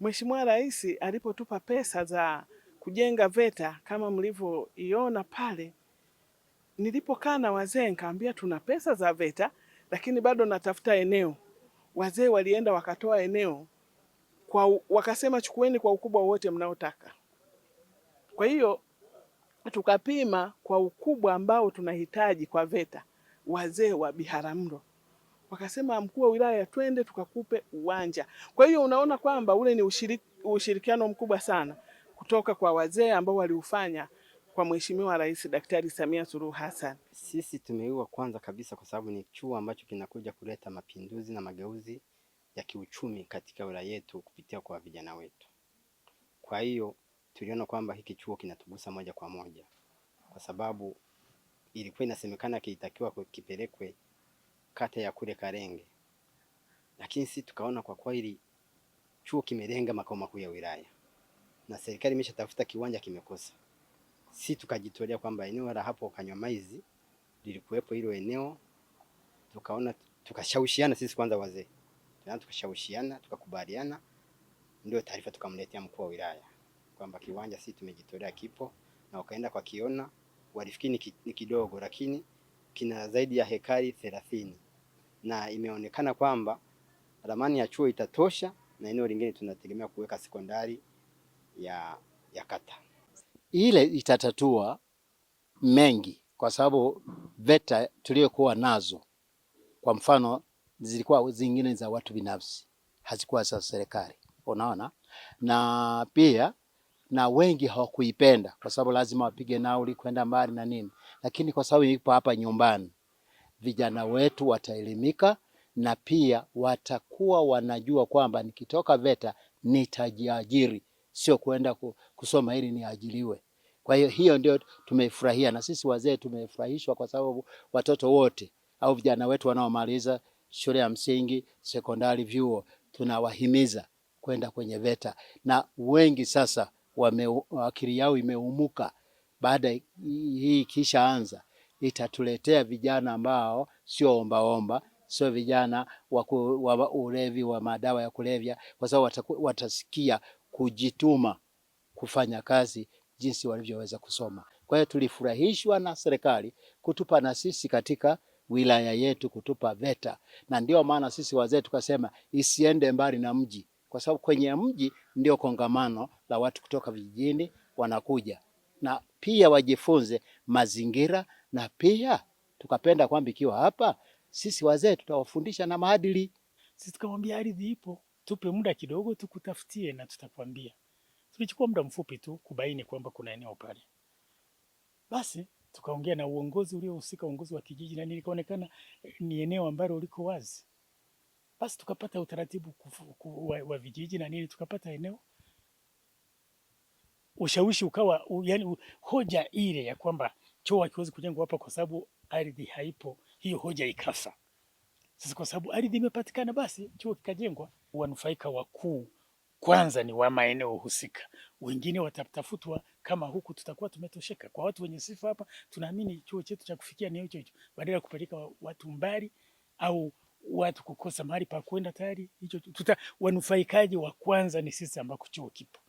Mheshimiwa Rais alipotupa pesa za kujenga VETA kama mlivyoiona pale, nilipokaa na wazee nikaambia tuna pesa za VETA lakini bado natafuta eneo. Wazee walienda wakatoa eneo kwa, wakasema chukueni kwa ukubwa wote mnaotaka. Kwa hiyo tukapima kwa ukubwa ambao tunahitaji kwa VETA, wazee wa Biharamulo wakasema mkuu wa wilaya, twende tukakupe uwanja. Kwa hiyo unaona kwamba ule ni ushirik, ushirikiano mkubwa sana kutoka kwa wazee ambao waliufanya kwa Mheshimiwa Rais Daktari Samia Suluhu Hassan. Sisi tumeiwa kwanza kabisa, kwa sababu ni chuo ambacho kinakuja kuleta mapinduzi na mageuzi ya kiuchumi katika wilaya yetu kupitia kwa vijana wetu. Kwa hiyo tuliona kwamba hiki chuo kinatugusa moja kwa moja, kwa sababu ilikuwa inasemekana kilitakiwa kipelekwe kata ya kule Karenge, lakini sisi tukaona kwa kweli chuo kimelenga makao makuu ya wilaya na serikali imeshatafuta kiwanja kimekosa. Si tukajitolea kwamba eneo la hapo Kanywamaizi lilikuwepo hilo eneo, tukaona tukashawishiana sisi kwanza, wazee tukashawishiana, tukakubaliana, ndio taarifa tukamletea mkuu wa wilaya kwamba kiwanja sisi tumejitolea kipo, na wakaenda kwa kiona, walifikiri ni kidogo, lakini kina zaidi ya hekari thelathini na imeonekana kwamba ramani ya chuo itatosha na eneo lingine tunategemea kuweka sekondari ya, ya kata. Ile itatatua mengi kwa sababu VETA tuliyokuwa nazo kwa mfano zilikuwa zingine za watu binafsi, hazikuwa za serikali, unaona, na pia na wengi hawakuipenda kwa sababu lazima wapige nauli kwenda mbali na nini, lakini kwa sababu ipo hapa nyumbani, vijana wetu wataelimika na pia watakuwa wanajua kwamba nikitoka VETA nitajiajiri, sio kuenda kusoma ili niajiriwe. Kwa hiyo hiyo ndio tumeifurahia, na sisi wazee tumefurahishwa, kwa sababu watoto wote au vijana wetu wanaomaliza shule ya msingi, sekondari, vyuo tunawahimiza kwenda kwenye VETA na wengi sasa wame, akili yao imeumuka, baada hii ikishaanza itatuletea vijana ambao sio ombaomba, sio vijana waku, wa ulevi wa madawa ya kulevya, kwa sababu watasikia kujituma kufanya kazi jinsi walivyoweza kusoma. Kwa hiyo tulifurahishwa na serikali kutupa na sisi katika wilaya yetu kutupa VETA, na ndio maana sisi wazee tukasema isiende mbali na mji, kwa sababu kwenye mji ndio kongamano la watu kutoka vijijini wanakuja, na pia wajifunze mazingira, na pia tukapenda kwamba ikiwa hapa sisi wazee tutawafundisha na maadili. Sisi tukamwambia ardhi ipo, tupe muda kidogo tukutafutie na tutakwambia. Tulichukua muda mfupi tu kubaini kwamba kuna eneo pale, basi tukaongea na uongozi uliohusika, uongozi wa kijiji, na nilikaonekana eh, ni eneo ambalo liko wazi basi tukapata utaratibu wa vijiji na nini, tukapata eneo, ushawishi ukawa u, yani, hoja ile ya kwamba choo hakiwezi kujengwa hapa kwa sababu ardhi haipo, hiyo hoja ikafa. Sasa kwa sababu ardhi imepatikana, basi choo kikajengwa. Wanufaika wakuu kwanza ni wa maeneo husika, wengine watatafutwa. Kama huku tutakuwa tumetosheka kwa watu wenye sifa hapa, tunaamini chuo chetu cha kufikia ni hicho hicho, badala ya kupeleka watu mbali au watu kukosa mahali pa kwenda tayari hicho tuta, wanufaikaji wa kwanza ni sisi ambako chuo kipo.